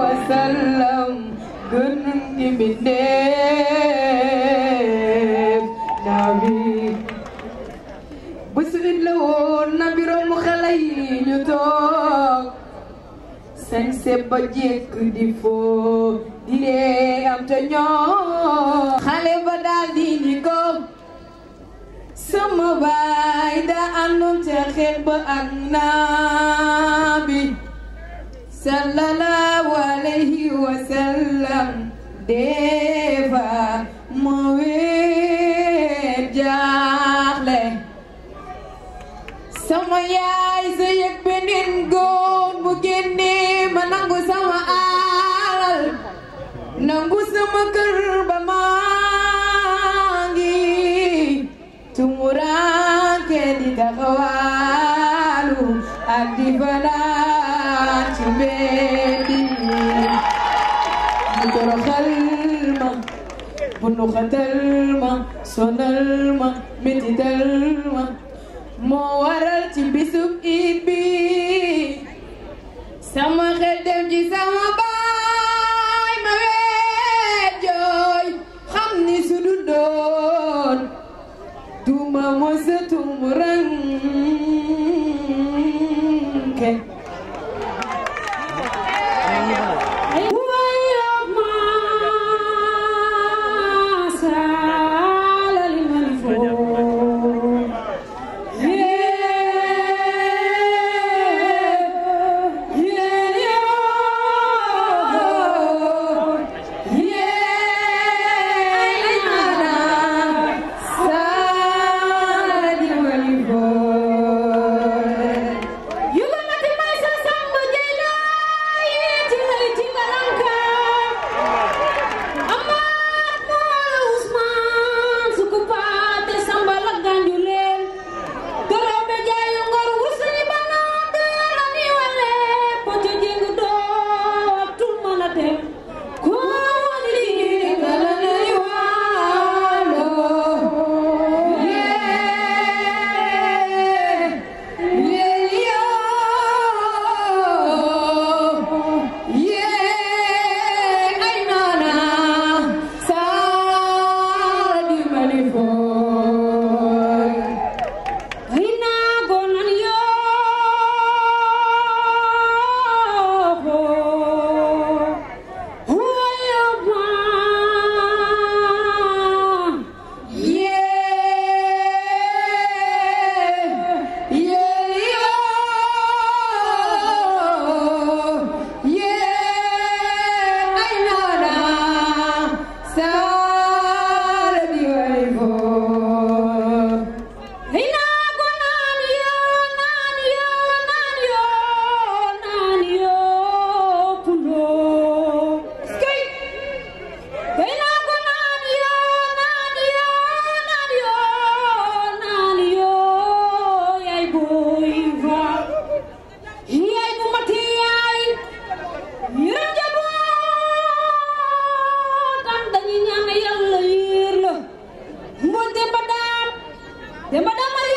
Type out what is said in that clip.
wasallam gënun gi mbindeef nabi bésu it la woon na biroom xale yi ñu toog sañse ba jekk di foo di lee am te ñoo xale ba daal di ñi ko sama baay daa àndoon te xeex ba ak sama yaay sa yëg beneen góor bu génnee ma nangu sama alal nangu sama kër ba maa ngi tumuraanke di taxawaalu ak di balaa nuxatal ma sonal ma métital ma moo waral ci bisub iid bi madame